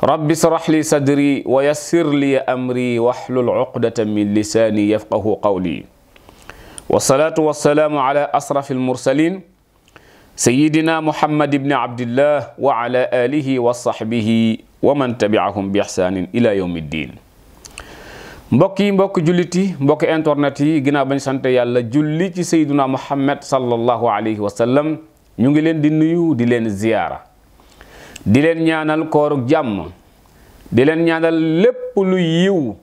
رب اشرح لي صدري ويسر لي امري واحلل عقده من لساني يفقه قولي والصلاه والسلام على اشرف المرسلين سيدنا محمد بن عبد الله وعلى اله وصحبه ومن تبعهم باحسان الى يوم الدين مبكي مبك جوليتي مبك انترنتي غينا با نسانت يالا جولي سيدنا محمد صلى الله عليه وسلم نيغي لين دي نيو دي لين زياره di leen ñaanal kooruk jàmm di leen ñaanal lépp lu yiw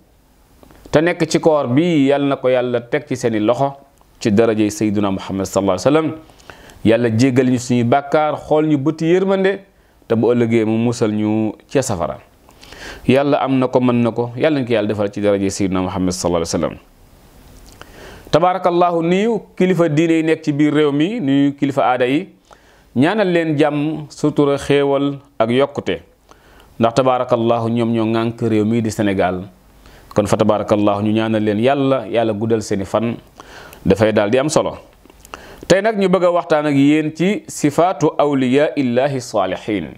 te nekk ci koor bi yàlla na ko yàlla teg ci seeni loxo ci daraje sayduna muhammad sallallahu alayhi wasallam yàlla jéggal ñu suñuy bàkkaar xool ñu bëti yërmande te bu ëllëgee mu musal ñu ca safara yàlla am na ko mën na ko yàlla ñu ko yàlla defal ci daraje sayduna muhammad sallallahu alayhi wasallam tabaarakallahu nuyu kilifa diine yi nekk ci biir réew mi nuyu kilifa aada yi ñaana leen jàmm sutura xéewal ak yokkute ndax tabaarakallaahu ñoom ñoo ŋànk réew mii di Sénégal kon fa tabaarakallaahu ñu ñaanal leen yàlla yàlla guddal seeni fan dafay daal di am solo tey nag ñu bëgg a waxtaan ak yéen ci sifaatu awliyaa illaahi saalihiin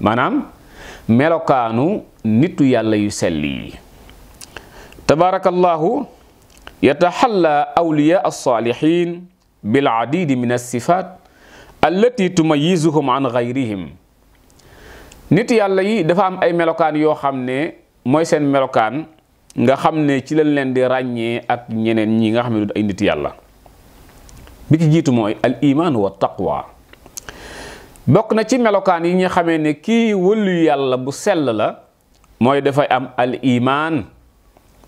maanaam melokaanu nitu yàlla yu sell yi tabaarakallaahu yataxalla awliyaa alsaalihin bil adidi min allati tumayyizuhum an ghayrihim nit yàlla yi dafa am ay melokaan yoo xam ne mooy seen melokaan nga xam ne ci lañ leen di ràññee ak ñeneen ñi nga xam ne du ay nit yàlla bi ci jiitu mooy al iman wa taqwa bokk na ci melokaan yi nga xamee ne kii wëllu yàlla bu sell la mooy dafay am al iman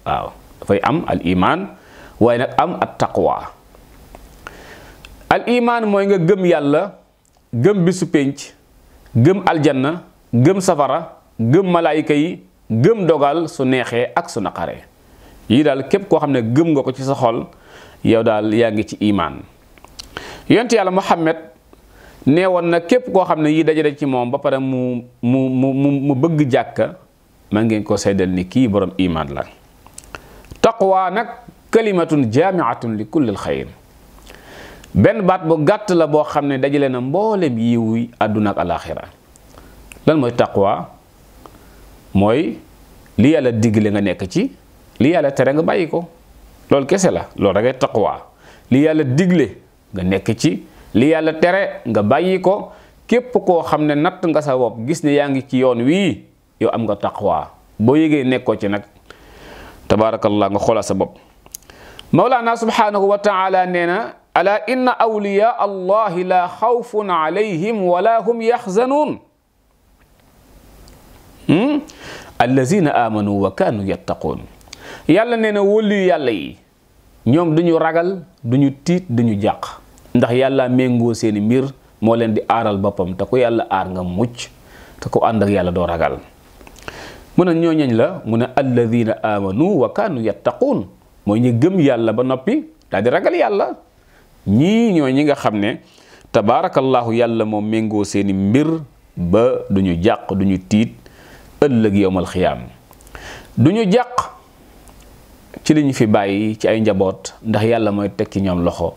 waaw dafay am al iman waaye nag am at taqwa al imaan mooy nga gëm yàlla gëm bisu pénc gëm aljanna gëm safara gëm malaayika yi gëm dogal su neexee ak su naqaree yii daal képp koo xam ne gëm nga ko ci sa xol yow daal yaa ngi ci imaan yonent yàlla Muhammad nee na képp koo xam ne yii dajale ci moom ba pare mu mu mu mu bëgg jàkka ma ngeen koo seddal ni kii borom imaan la taqwa nag kalimatun jaamiatun li kulli alxayr ben bat bu gatt la bo xamne ne dajale na mboolem yiwu àdduna ak alakhirah lan moy taqwa moy li yalla digle nga nek ci li yalla tere nga bayiko lol kesse la takwa dagay taqwa li yalla digle nga nek ci li yalla tere nga bayiko kep ko xamne nat nga sa bopp gis ni yaangi ci yoon wi yo am nga taqwa yegge nek ko ci nak tabarakallah nga xoolal sa wa taala nena ala inna awliya allahi la xawfun alayhim wala hum yaxzanuun hmm? allazina amanu wa kaanu yattaquun yàlla nee na wóliyu yàlla yi ñoom duñu ragal duñu tiit duñu jàq ndax yàlla méngoo seeni miir moo leen di aaral boppam te ku yàlla aar nga mucc te ku ànd yàlla doo ragal mu ne ñoo ñañ la mu ne alladina amanu wa kaanu yattaquun mooy ñu gëm yàlla ba noppi daal ragal yàlla ñii ñooy ñi nga xam ne tabaarakallahu yàlla moom méngoo seeni mbir ba du ñu jàq du ñu tiit ëllëg yowmal xiyaam du ñu jàq ci li fi bàyyi ci ay njaboot ndax yàlla mooy teg ci ñoom loxo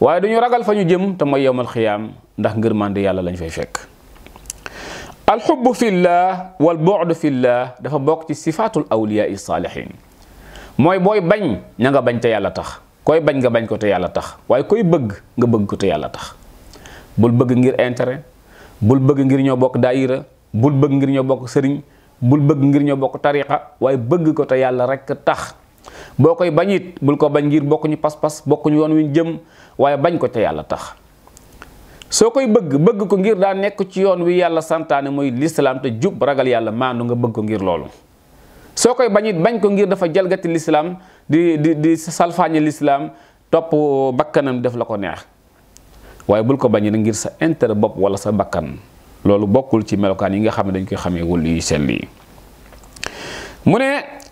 waaye du ñu ragal fa ñu jëm te mooy yowmal xiyaam ndax ngërmande yàlla lañ fay fekk alxubbu fillah wal bu'du fillah dafa bokk ci sifaatul awliyaa saalihin mooy booy bañ ña nga bañ te yàlla tax koy bañ nga bañ ko te yàlla tax waaye koy bëgg nga bëgg ko te yàlla tax bul bëgg ngir intérêt bul bëgg ngir ñoo bokk daayira bul bëgg ngir ñoo bokk sëriñ bul bëgg ngir ñoo bokk tariqa waaye bëgg ko te yàlla rekk tax boo koy bañ it bul ko bañ ngir bokkuñu pas-pas bokkuñu yoon wi ñu jëm waaye bañ ko te yàlla tax soo koy bëgg bëgg ko ngir daa nekk ci yoon wi yàlla santaane mooy lislaam te jub ragal yàlla maandu nga bëgg ko ngir loolu sokoy bañit bañ ko ngir dafa jalgati l'islam di di di salfañ l'islam top bakkanam def la ko neex waye bul ko bañit ngir sa intérêt bop wala sa bakkan loolu bokul ci melokan yi nga xamne dañ koy xamé wul yi mu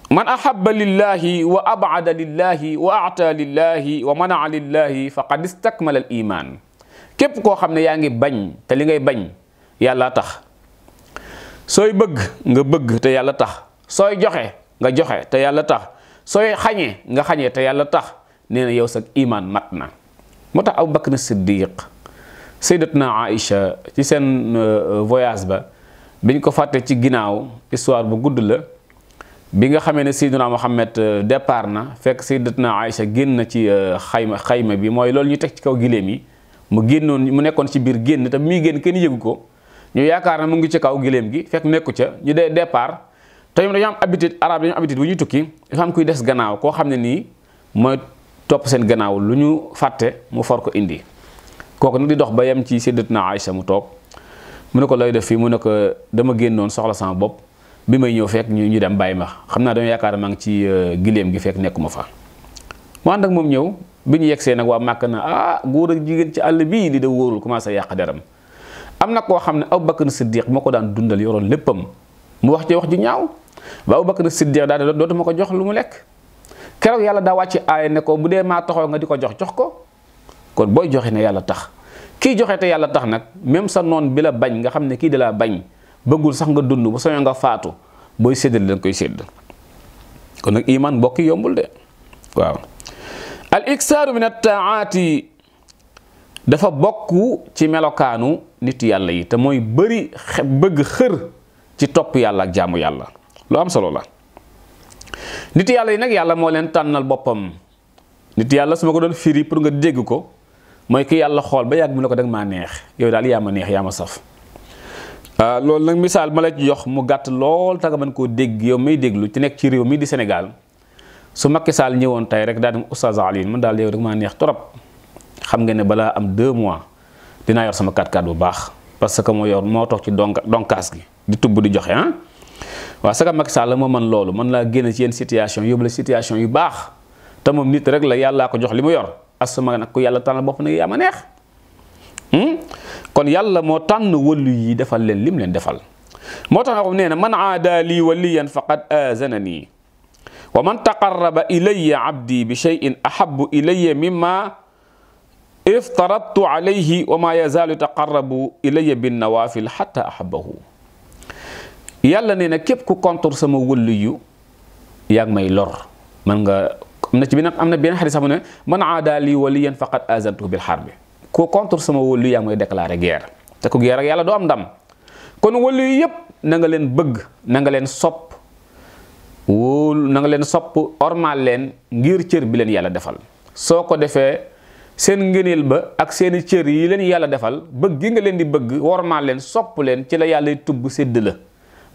man ahabba lillahi wa abada lillahi wa ata lillahi wa manaa lillahi faqad istakmala al iman kep ko xamne ya nga bañ te li ngay bañ yalla tax soy bëgg nga bëgg te yalla tax sooy joxe nga joxe te yàlla tax sooy xañee nga xañee te yàlla tax neena yow sag imaan mat na moo tax Abu Bakr Siddiq sayyidatna Aïcha ci seen euh, voyage ba biñ ko fàtte ci ginnaaw histoire bu gudd la bi nga xamee ne sayyiduna Muhammad euh, départ na fekk na Aïcha génn na ci euh, xayma xayma bi mooy loolu ñu teg ci kaw giléem yi mu génnoon mu nekkoon ci biir génn te muy génn kenn yëgu ko ñu yaakaar na mu ngi ci kaw giléem gi fekk nekku ca ñu dee te ñoom dañu am habitude arabe dañu am habitude bu ñuy tukki dafa am des gannaaw koo xam ne nii mooy topp seen gannaaw lu ñu fàtte mu for ko indi kooku nag di dox ba yem ci Sayyidatuna Aïcha mu toog mu ne ko looy def fii mu ne ko dama génnoon soxla sama bopp bi may ñëw fekk ñu ñu dem bàyyi ma xam naa dama yaakaar maa ngi ci euh, giléem gi fekk nekkuma fa. mu ànd moom ñëw bi ñu yegsee nag waa màkk na ah góor ak jigéen ci àll bii li da commencé yàq deram am na koo xam ne Abubakar Siddiq moo ko daan dundal yoroon léppam. mu wax ci wax ju ñaaw ba abubakar siddiq daal do dootuma ko jox lu mu lek keroog yalla da wacc ay ne ko bu dee maa taxaw nga diko jox jox ko kon boy joxe ne yalla tax ki joxe te yalla tax nak même sa non bi la bañ nga xam ki bañ bëggul sax nga dund bu soño nga faatu boy dañ koy sédd kon nak iman bokki yombul de waaw al iksaru min taati. dafa bokku ci melokanu nit yalla yi te moy bëri bëgg xër ci top yalla ak jaamu yalla lu am solo la nit yalla yi nak yalla mo len tanal bopam nit yalla suma ko don firi pour nga deg ko moy ki yalla xol ba yag mu ne ko dag ma neex yow dal yaa ma neex yaa ma saf ah, loolu nag misaal ma la ci jox mu gàtt lool taga man ko deg yow may deglu ci nek ci rew mi di senegal su makki sal ñewon tay rek dal Oustaz ali man dal yow danga ma neex torop xam nga ne bala am 2 mois dina yor sama 4 4 bu baax parce que mo yor mo tok ci donkaas gi di tubbu di joxe han wa saka Macky Sall mo man lolu man la génn ci yeen situation yóbbu la situation yu bax ta mom nit rek la yalla ko jox limu yor asuma nak ko yàlla tànn bop na yama neex hmm kon yàlla mo tan wolu yi defal len lim len defal motax xam neena man aada lii waliyan faqad azanani wa man taqarraba ilayya abdi bi cheyin ahabu ilayya mimma iftaradtu alayhi wa ma yazaalu yataqarrabu ilayya binnawaafil xatta yàlla nee na képp ku contre sama wëllu yu yaa may lor man nga am na ci benn am na benn xadis sax mu ne man aada lii waliyan faqad azantuhu bil harbi ku contre sama wëllu yaa ngi may déclaré te ku guerre ak yàlla doo am ndam kon wëllu yu yëpp nanga leen bëgg nanga leen sopp wóolu na leen sopp ormal leen ngir cër bi leen yàlla defal soo ko defee seen ngëneel ba ak seeni cër yi leen yàlla defal bëgg gi nga leen di bëgg wormaal leen sopp leen ci la yàlla tubb sédd la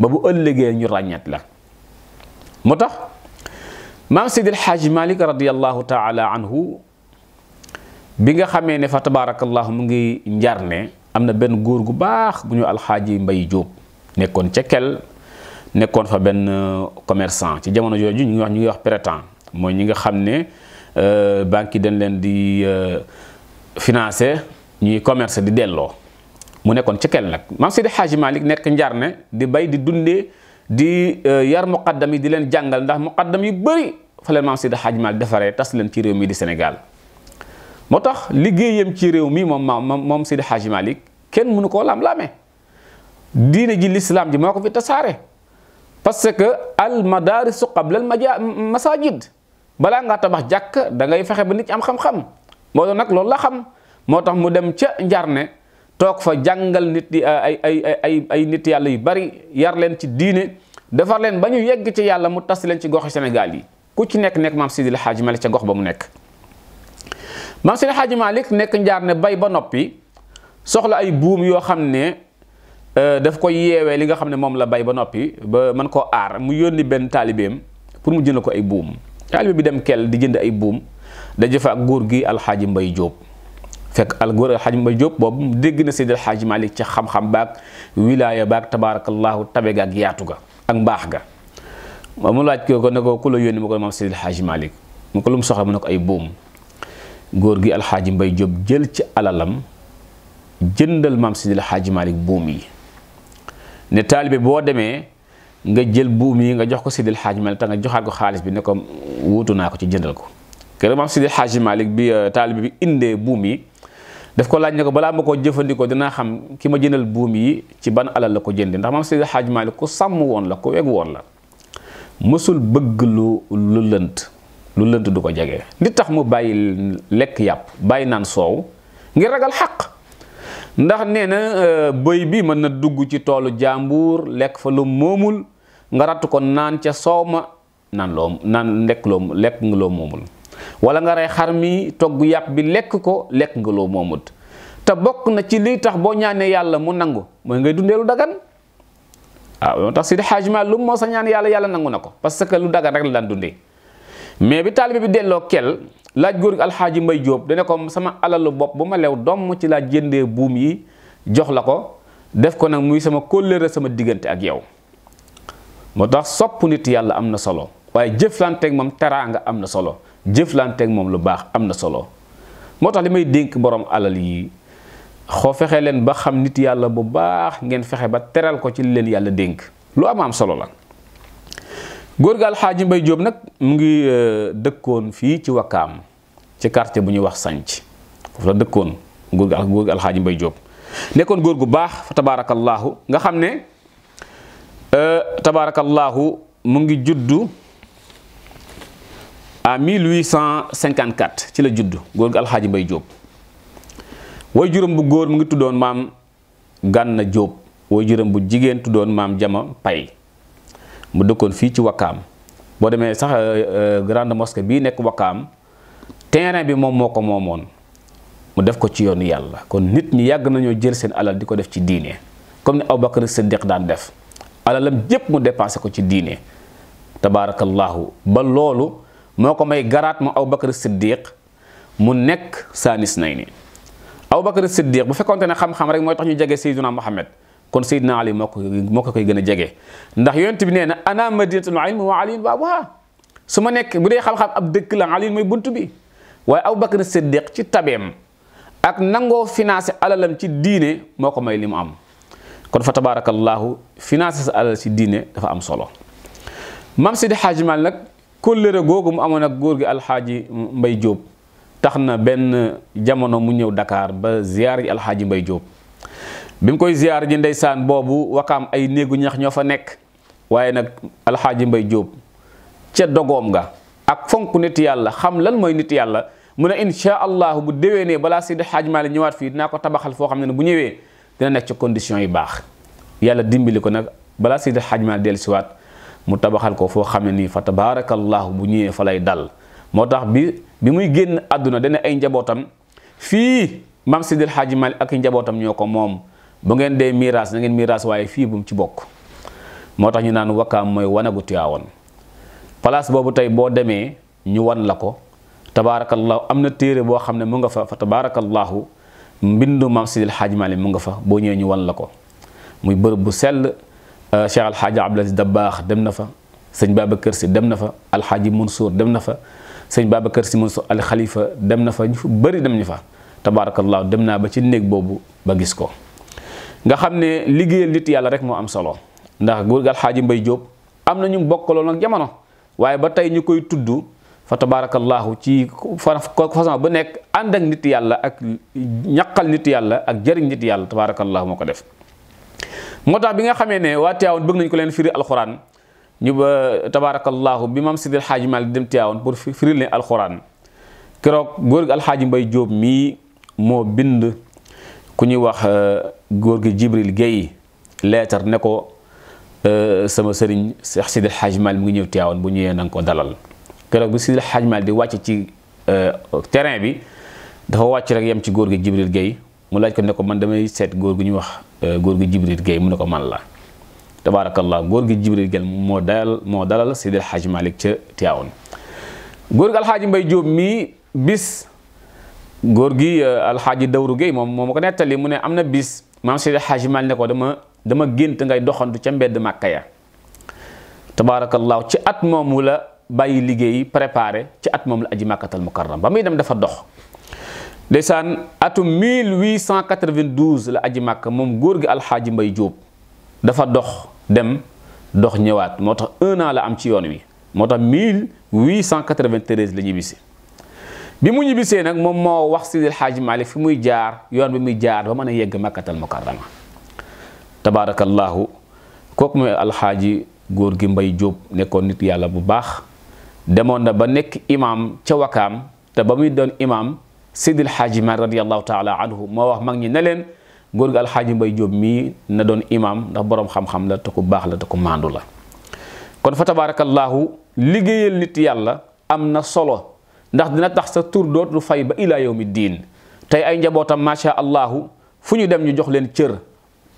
ba bu ëllëgee ñu rañat la motax mam sidi al-haj Malik radiyallahu taala anhu bi nga xamé ne fa tabarakallah mu ngi ñar ne amna ben góor gu baax bu ñu al al-haj mbay jóob nekkoon ci kel nekkoon fa ben commerçant ci jamono joju ñu wax ñu wax prétend moy ñi nga xamné euh banki dañ leen di financer ñuy commerce di dello mu nekkoon ci kel nag maam Seydi Xaaji Malik nekk njarne di bay di dundee di euh, yar muqaddam yi di leen jàngal ndax muqaddam yi bëri fa leen maam Seydi Xaaji Malik defaree tas leen ci réew mi di Sénégal moo tax liggéey yam ci réew mi moom maam moom Seydi Xaaji Malik kenn mënu koo lam-lamee diine ji lislaam ji moo ko fi tasaare parce que al madaarisu qabla al maja masajid balaa ngaa tabax jàkk da ngay fexe ba nit am xam-xam nag loolu la xam moo tax mu dem ca njarne toog fa jàngal nit yi ay ay ay nit yàlla yu bari yar leen ci diine defar leen ba ñu yegg ci yàlla mu tas leen ci goxi Sénégal yi ku ci nekk nekk maam Sidil Hadj Malick ca gox ba mu nekk. maam Sidil nekk njaar ne bay ba noppi soxla ay buum yoo xam ne euh, daf ko yeewee li nga xam ne moom la bay ba noppi ba mën koo aar mu yónni benn taalibeem pour mu jënd ko ay buum taalibe bi dem kell di jënd ay buum daje fa ak góor gi alxaaji mbay Jóob fekk algor xaj ma jóob boobu dégg na Seydil Xaaji Malik ca xam-xam baag wilaaya baag tabaarakallaahu tabe ga ak yaatu ga ak mbaax ga mu laaj ko ne ko ku la yónni ma ko lu mu soxla mu ne ko ay buum góor gi alxaaji mbay jóob jël ci alalam jëndal maam Seydil Xaaji Malik buum yi ne taalibe boo demee nga jël buum yi nga jox ko Seydil Xaaji Malik te nga joxaat ko xaalis bi ne ko wuutu naa ko ci jëndal ko keroog maam Sidi Xaaji Malick bi euh, taalibe bi indee buum yi daf ko laaj na ko balaa ma ko jëfandikoo dinaa xam ki ma jëndal buum yi ci ban alal la ko jëndee ndax maam Sidi Xaaji Malick ku sàmm woon la ku weg woon la mësul bëgg lu lu lënt lu lënt du ko jege li tax mu bàyyi lekk yàpp bàyyi naan soow ngir ragal xaq ndax nee na euh, bëy bi mën na dugg ci toolu jàmbur lekk fa lu moomul nga ratt ko naan ca soow ma naan loo naan lekk loo lekk nga loo moomul wala nga rey xar mi togg yàpp bi lekk ko lekk nga loo moomut te bokk na ci li tax boo ñaanee yàlla mu nangu mooy ngay dundee lu dagan waaw ah, moo tax si di xaajma lu moo sa yàlla yàlla nangu na ko parce que lu dagan rek la daan mais bi taalibe bi delloo kel laaj góor alxaaji mbay jóob dane ko sama alalu bopp bu ma lew doom ci laa jëndee buum yi jox la ko def ko nag muy sama kóllëre sama diggante ak yow moo tax sopp nit yàlla am na solo waaye jëflanteeg moom teraanga am na solo jëflanteeg moom lu baax am na solo moo tax li may dénk borom alal yi xoo fexe leen ba xam nit yàlla bu baax ngeen fexe ba teral ko ci leen yàlla dénk lu am am solo la. góor gaal xaaji mbay jóob nag mu ngi euh, dëkkoon fii ci wakkaam ci quartier bu ñuy wax sànc foofu dëkkoon góor gaal góor gaal xaaji mbay jóob nekkoon góor gu baax fa tabaarakallaahu nga xam ne euh, tabaarakallaahu mu ngi juddu. à 1854 ci la judd góor gi hadji mbay job way juróom bu góor mu ngi tudon mam ganna job way juróom bu jigen tudon mam jama pay mu dëkkoon wakam. ci wakam bo demee sax euh, euh, grand mosquée bi nek wakam terrain bi mom moko ko mu def ko ci yoonu yalla kon nit ñi yag nañu jël seen alal diko def ci diiné comme ni Abubakar Siddiq daan def alalam jep mu dépensé ko ci diiné tabarakallah ba loolu moo ko may garaat mu Abubakar Siddiq mu nekk saanis nay ni Abubakar Siddiq bu fekkonte ne xam-xam rek mooy tax ñu jege Seydina Muhammad kon Seydina Ali moo moo ko koy gën a jege ndax yonent bi nee na ana madinatul ilm wa aliyun baabuha su ma nekk bu dee xam ab dëkk la Aliyu mooy bunt bi waaye Abubakar Siddiq ci tabeem ak nangoo financé alalam ci diine moo ko may li mu am kon fa tabaarakallaahu financé sa alal ci diine dafa am solo Maam Seydi Haaji nag kóllëre gogum mu amoon ak góor gi alxaaji Mbay Jóob tax na jamono mu ñëw Dakar ba ziyaar ji alxaaji Mbay Jóob bi mu koy ziyaar ji ndeysaan boobu wakaam ay néegu ñax ñoo fa nekk waaye nag alxaaji Mbay Jóob ca dogoom nga ak fonk nit yàlla xam lan mooy nit yàlla mu ne insha allahu bu déwénee balaa Seydi Xaaj Maalik ñëwaat fii dinaa ko tabaxal foo xam bu ñëwee dina nekk ci condition yu baax yàlla dimbali ko nag balaa Seydi Xaaj Maalik dellusiwaat mu tabaxal ko foo xam ne nii fa tabaarakallahu bu ñëwee fa lay dal moo tax bi bi muy génn àdduna dana ay njabootam fii maam Sidil Hadji Malick ak njabootam ñoo ko moom bu ngeen dee miiras na ngeen miiras waaye fii bu mu ci bokk moo tax ñu naan wakkaam mooy wanagu Tiwaawan place boobu tey boo demee ñu wan la ko tabaarakallahu am na téere boo xam ne mu nga fa fa tabaarakallahu mbindu maam Sidil Hadji yi mu nga fa boo ñëwee ñu wan la ko muy bërëb Euh, Cheikh Alxaaji Abdul Aziz baax dem na fa sëñ Babacar Si dem na fa Alxaaji Mansour dem na fa sëñ baaba kër Si Mansour al Xalifa dem na fa ñu bëri dem ñu fa tabaarakallaahu dem naa ba ci néeg boobu ba gis ko nga xam ne liggéeyal nit yàlla rek moo am solo ndax góor gi Alxaaji Mbay Jóob am na ñu bokkaloon ak jamono waaye ba tey ñu koy tudd fa tabaarakallaahu ci façon bu nekk ànd ak nit yàlla ak ñaqal nit yàlla ak jëriñ nit yàlla tabaarakallaahu moo ko def moo tax bi nga xamee ne waa Tiwaawan bëgg nañ ko leen firi alxuraan ñu ba tabaarakallaahu bi maam Sidil Xaaji Maalik dem Tiwaawan pour firil leen alxuraan keroog góor gi Mbay Jóob mii moo bind ku ñuy wax euh, góor gi Jibril Guèye leetar ne ko euh, sama sëriñ Seex Sidil Xaaji Maalik mu ngi ñëw Tiwaawan bu ñëwee na nga ko dalal keroog bi Sidil xaaj Maalik di wàcc ci euh, terrain bi dafa wàcc rek yam ci góor gi Jibril Guèye mu laaj ko ne ko man damay seet góor gi ñu wax Euh, góor gi Jibril Guèye mu ne ko man la tabaarakallah góor gi Jibril Guèye moo dalal moo dalal Seydi El Hadj Malick ca gi alxaaji Mbay Jóob mii bis góor gi euh, alxaaji Dawru Guèye moom ma ko nettali mu ne am na bis maam Seydi El Hadj ne ko dama dama gént ngay doxantu ca mbedd Màkka ya tabaarakallah ci at moomu la bàyyi liggéey préparé ci at moom la aji màkkatal mukarram ba muy dem dafa dox ndeysaan atum 1892 la aji makk moom góor gi alxaaji mbay jóob dafa dox dem dox ñëwaat moo tax un la am ci yoon wi moo tax 1893 la ñibbisi bi mu ñibbisee nag moom moo wax Sidil Xaaji Malik fi muy jaar yoon bi muy jaar ba mën a yegg makkatal mukarrama tabaarakallaahu kooku mooy alxaaji góor gi mbay jóob nekkoon nit yàlla bu baax demoon na ba nekk imaam ca wakaam te ba muy doon imaam Seydi El Hadji Malick radiyallahu taala anhu moo wax mag ñi ne leen góor gi alxaaji Mbay Jóob mii na doon imaam ndax boroom xam-xam la te ku baax la te ku maandu la kon fa tabaarakallaahu liggéeyal nit yàlla am na solo ndax dina tax sa tur dootul fay ba ilaa yawmi diin tey ay njabootam macha allahu fu ñu dem ñu jox leen cër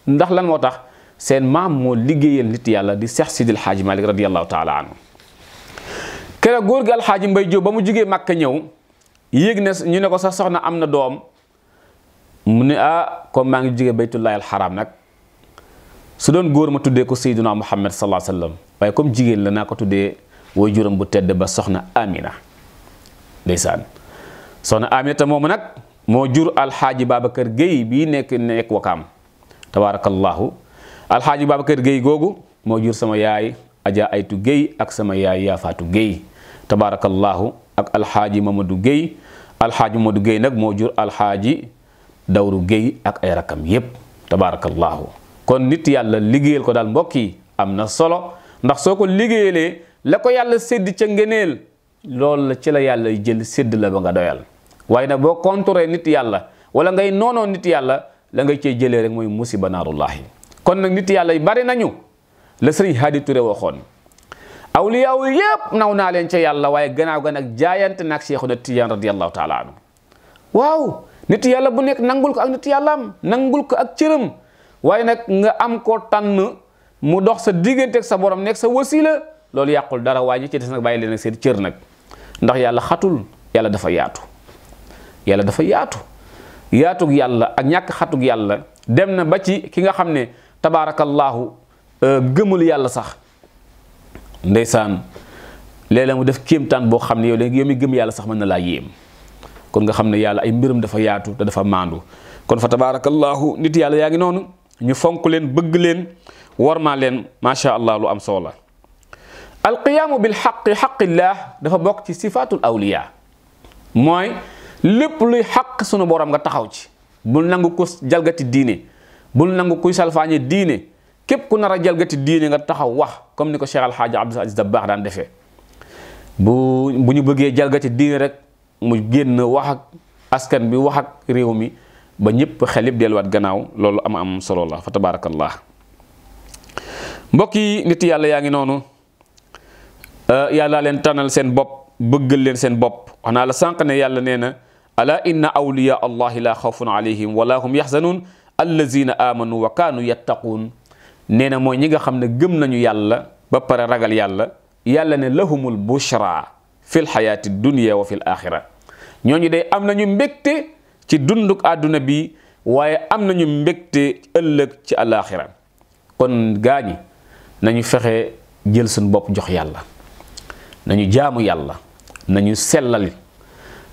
ndax lan moo tax seen maam moo liggéeyal nit yàlla di Seex Sidil Xaaji Malik radiyallahu taala anhu keroog góor gi alxaaji Mbay Jóob ba mu jugee Màkka ñëw yéeg ne ñu ne ko sax soxna am na doom mu ne ah comme maa ngi jóge baytullahi alxaram nag su doon góor ma tuddee ko sayduna muhammad sallallahu alayhi wasallam waaye comme jigéen la naa ko tuddee way juróom bu tedd ba soxna amina ndeysaan soxna aminata moomu nag moo jur alxaaji kër géy bii nekk nekk wakaam tabarakallahu alxaaji kër géy googu moo jur sama yaay aja aytu géy ak sama yaay yaafaatu géy tabarakallahu ak alxaaji Mamadou Guèye alxaaji Mamadou Guèye nag moo jur alxaaji Dawru Guèye ak ay rakam yépp tabaarakallaahu kon nit yàlla liggéeyal ko daal mbokk yi am na solo ndax soo ko liggéeyalee la ko yàlla sédd ca ngeneel loolu la ci la yàlla jël sédd la ba nga doyal waaye nag boo contré nit yàlla wala ngay noonoon nit yàlla la ngay cee jëlee rek mooy musiba naarullahi kon nag nit yàlla yi bari nañu la sëriñ Haadi Touré waxoon awliyaaw yépp naw naa leen ca yàlla waaye ganaaw ga nag jaayante nag Seexuna Tijaan radiyallahu taala anhu waaw nit yàlla bu nekk nangul ko ak nit yàllaam nangul ko ak cëram waaye nag nga am ko tànn mu dox sa diggante sa borom nekk sa wasila loolu yàqul dara waaye ñi ci des nag bàyyi leen ak seen cër nag ndax yàlla xatul yàlla dafa yaatu yàlla dafa yaatu yaatug yàlla ak ñàkk xatug yàlla dem na ba ci ki nga xam ne tabaarakallaahu euh, gëmul yàlla sax ndaysan lele mu def kéemtaan bo xamni yow legi yomi gem yalla sax man la yem kon nga xamni ne ay mbirum dafa yaatu te dafa mandu kon fa tabaarakallaahu nit yalla yaangi nonu ñu fonk len bëgg warma len ma sha allah lu am solo al qiyam bil xaqi haqqillah dafa bok ci sifatul awliya moy lepp luy haqq sunu borom nga taxaw ci bu nangu ko jalgati diine bu nangu kuy salfañe diine kep ku nara jalgati diine nga taxaw wax comme ni ko Cheikh Alxaaji Abdul Aziz Dabakh daan defee bu bu ñu bëggee jalgati diine rek mu génn wax ak askan bi wax ak réew mi ba ñëpp xelib delluwaat gannaaw loolu am am solo la fa tabaarakallah mbokk yi nit yàlla yaa ngi noonu euh, yàlla leen tànnal seen bopp bëggal leen seen bopp wax naa la sànq ne yàlla nee na ala inna awliya allahi la xawfun alayhim wala hum yaxzanun allazina amanu wa kaanu yattaquun neena mooy ñi nga xam ne gëm nañu yàlla ba pare ragal yàlla yàlla ne lahumul bushra fil xayaati dunya wa fil axira ñooñu day am nañu mbégte ci dunduk àdduna bi waaye am nañu mbégte ëllëg ci alaxira kon gaañi nañu fexe jël suñ bopp jox yàlla nañu jaamu yàlla nañu sellal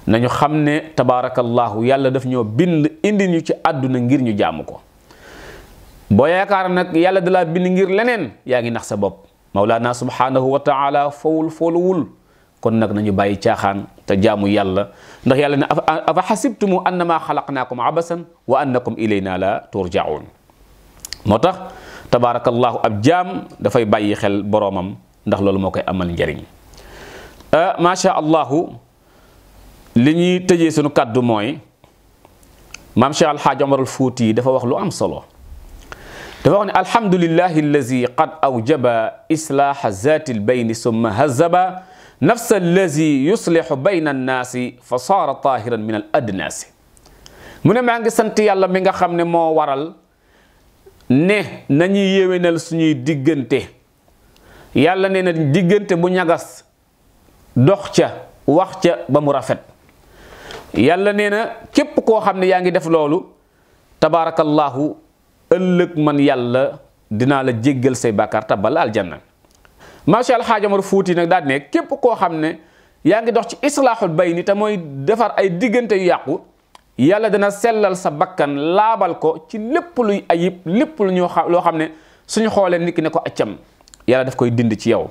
nañu xam ne tabaarakallahu yàlla def ñoo bind indi ñu ci àdduna ngir ñu jaamu ko boo yaakaar nag yàlla da laa bind ngir leneen yaa ngi nax sa bopp mawlaana subhanahu wa taala fawul fooluwul kon nag nañu bàyyi caaxaan te jaamu yàlla ndax yàlla ne afa xasibtumu annama xalaqnaakum abasan wa annakum ilayna la turjaun moo tax tabaarakallaahu ab jaam dafay bàyyi xel boroomam ndax loolu moo koy amal njariñ ah, macha allahu li ñuy tëjee sunu kàddu mooy maam Cheikh Alxaaj Omar al dafa wax lu am solo dafa wax ne alhamdulillahi allazi qad awjaba islaaha zaati lbayni summa hazaba nafsa allazi yuslihu bayna annaasi fa saara tahiran min al adnaasi mu ne maa ngi sant yàlla mi nga xam ne moo waral ne nañuy yéwénal suñuy diggante yàlla nee na diggante bu ñagas dox ca wax ca ba mu rafet yàlla nee na képp koo xam ne yaa ngi def loolu tabaarakallaahu ëllëg man yàlla dinaa la jéggal say bàkkaar tabal aljanna macha allah Xaaj Omar Fuuti nag daal ne képp koo xam ne yaa ngi dox ci islaaxul bayni te mooy defar ay diggante yu yàqu yàlla dana sellal sa bakkan laabal ko ci lépp luy ayib lépp lu ñu loo xam ne suñu xoolee nit ne ko accam yàlla daf koy dind ci yow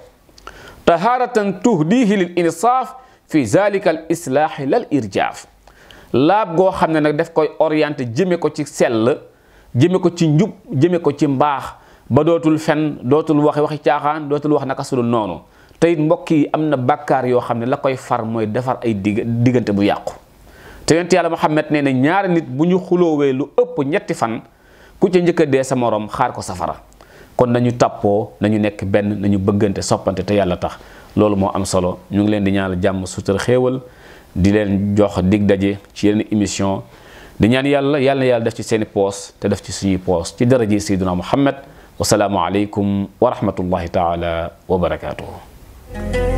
taharatan tuhdihi lil insaaf fi zalika al lal irjaaf laab goo xam ne nag daf koy orienté jëme ko ci sell jëme ko ci njub jëme ko ci mbaax ba dootul fen dootul waxi waxi caaxaan dootul wax naka sudul noonu tey it mbokk yi am na bakkaar yoo xam ne la koy far mooy defar ay digg diggante bu yàqu te yonent yàlla Muhammad nee na ñaari nit bu ñu xuloowee lu ëpp ñetti fan ku ca njëkk a dee sa morom xaar ko safara kon nañu tàppoo nañu nekk benn nañu bëggante soppante te yàlla tax loolu moo am solo ñu ngi leen di ñaanal jàmm suutar xéewal di leen jox dig daje ci yeneen émission di ñaan yàlla yàlla yàlla def ci seen poste te def ci suñu poste ci daraaji sayyiduna muhammad wa salaamu alaykum wa rahmatullahi taala wa barakatuh